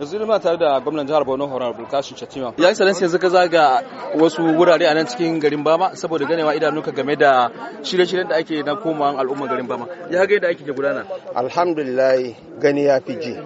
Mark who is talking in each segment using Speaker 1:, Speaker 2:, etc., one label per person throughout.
Speaker 1: yanzu ina tare da gwamnan jihar Borno Honorable Kashin Chatima ya yi salansa yanzu ka zaga wasu wurare a nan cikin garin Bama saboda ganewa idanunka game da shirye-shiryen da ake na komawan al'umma garin Bama ya ga yadda ake ke gudana alhamdulillah gani ya fi ji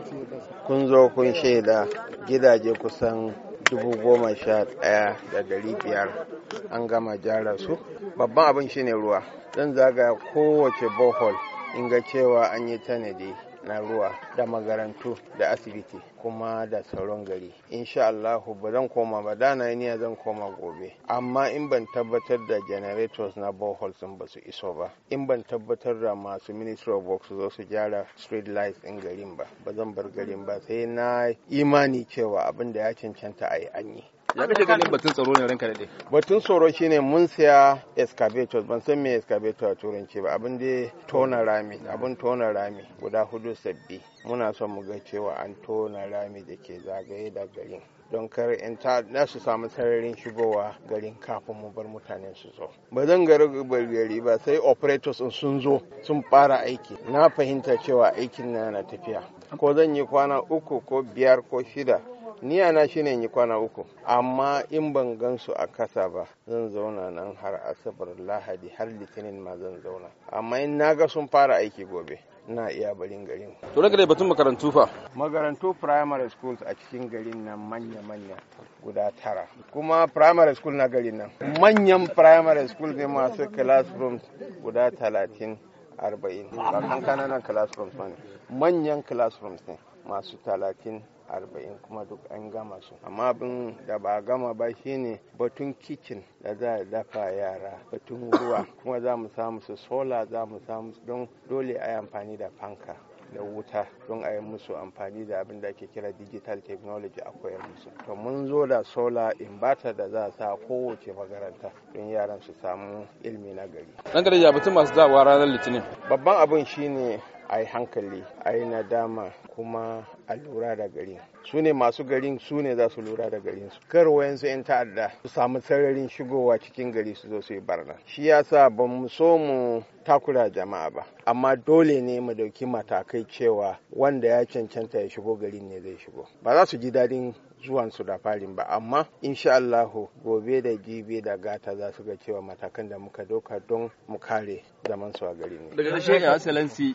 Speaker 1: kun zo kun shaida gidaje kusan dubu goma sha ɗaya da dari biyar an gama jararsu su babban abin shine ruwa zan zagaya kowace bohol in ga cewa an yi tanadi na ruwa da magarantu da asibiti kuma da sauran gari insha Allah ba zan koma ba da na niyya zan koma gobe amma in ban tabbatar da generators na boreholes sun ba su iso ba in ban tabbatar da masu ministry of works zo su gyara street lights in garin ba ba zan bar garin ba sai na imani cewa abin da ya cancanta a yi an yi ya kake ganin batun tsaro ne ranka daɗe batun tsaro shine mun siya excavators ban san me excavator a turanci ba abin da tona rami abin tona rami guda hudu sabbi muna son mu ga cewa an tona rami da ke zagaye da garin don kar in ta na su samu sararin shigowa garin kafin mu bar mutane su zo ba zan gari ba sai operators sun zo sun fara aiki na fahimta cewa aikin na na tafiya ko zan yi kwana uku ko biyar ko shida ni na shine in yi kwana uku amma in ban gan su a kasa ba zan zauna nan har asabar lahadi har litinin ma zan zauna amma in na ga sun fara aiki gobe na iya barin garin to daga dai batun makarantu fa makarantu primary schools a cikin garin nan manya manya guda tara kuma primary school na garin nan manyan primary school ne masu classrooms guda talatin arba'in ba kankananan classrooms ne manyan classrooms ne masu talatin arba'in kuma duk an gama su amma abin da ba gama ba shine batun kicin da za a dafa yara batun ruwa kuma za mu samu su sola za mu samu don dole a yi amfani da fanka da wuta don a yi musu amfani da abin da ake kira digital technology a koyar musu to mun zo da sola solar inverter da za a sa kowace makaranta don yaran su samu ilmi na gari batun masu dawa ranar litinin babban abin shine a yi hankali a yi nadama kuma a lura da garin su ne masu garin su ne za su lura da garin su kar wayansu 'yan ta'adda su samu sararin shigowa cikin gari su zo su yi barna shi yasa ba mu so mu takura jama'a ba amma dole ne mu dauki matakai cewa wanda ya cancanta ya shigo garin ne zai shigo ba za su ji dadin zuwan su da farin ba amma insha Allahu gobe da jibe da gata za su ga cewa matakan da muka doka don mu kare zaman su a garin ne daga ya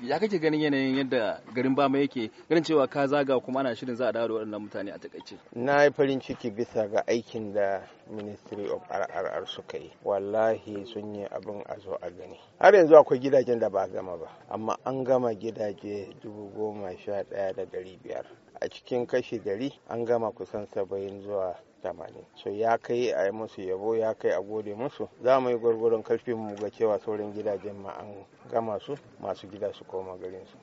Speaker 1: ya kake ganin yanayin yadda garin bama yake ganin cewa ka zaga kuma ana shirin za a dawo da waɗannan mutane a takaice na yi farin ciki bisa ga aikin da ministry of rrr suka yi wallahi sun yi abin a zo a gani har yanzu akwai gidajen da ba gama ba amma an gama gidaje dubu goma sha ɗaya da ɗari biyar a cikin kashi dari an gama kusan saba'in zuwa tamanin so ya kai a yi musu yabo ya kai a gode musu za mu yi gwargwaron karfin mu ga cewa sauran gidajen ma an gama su masu gida su koma garinsu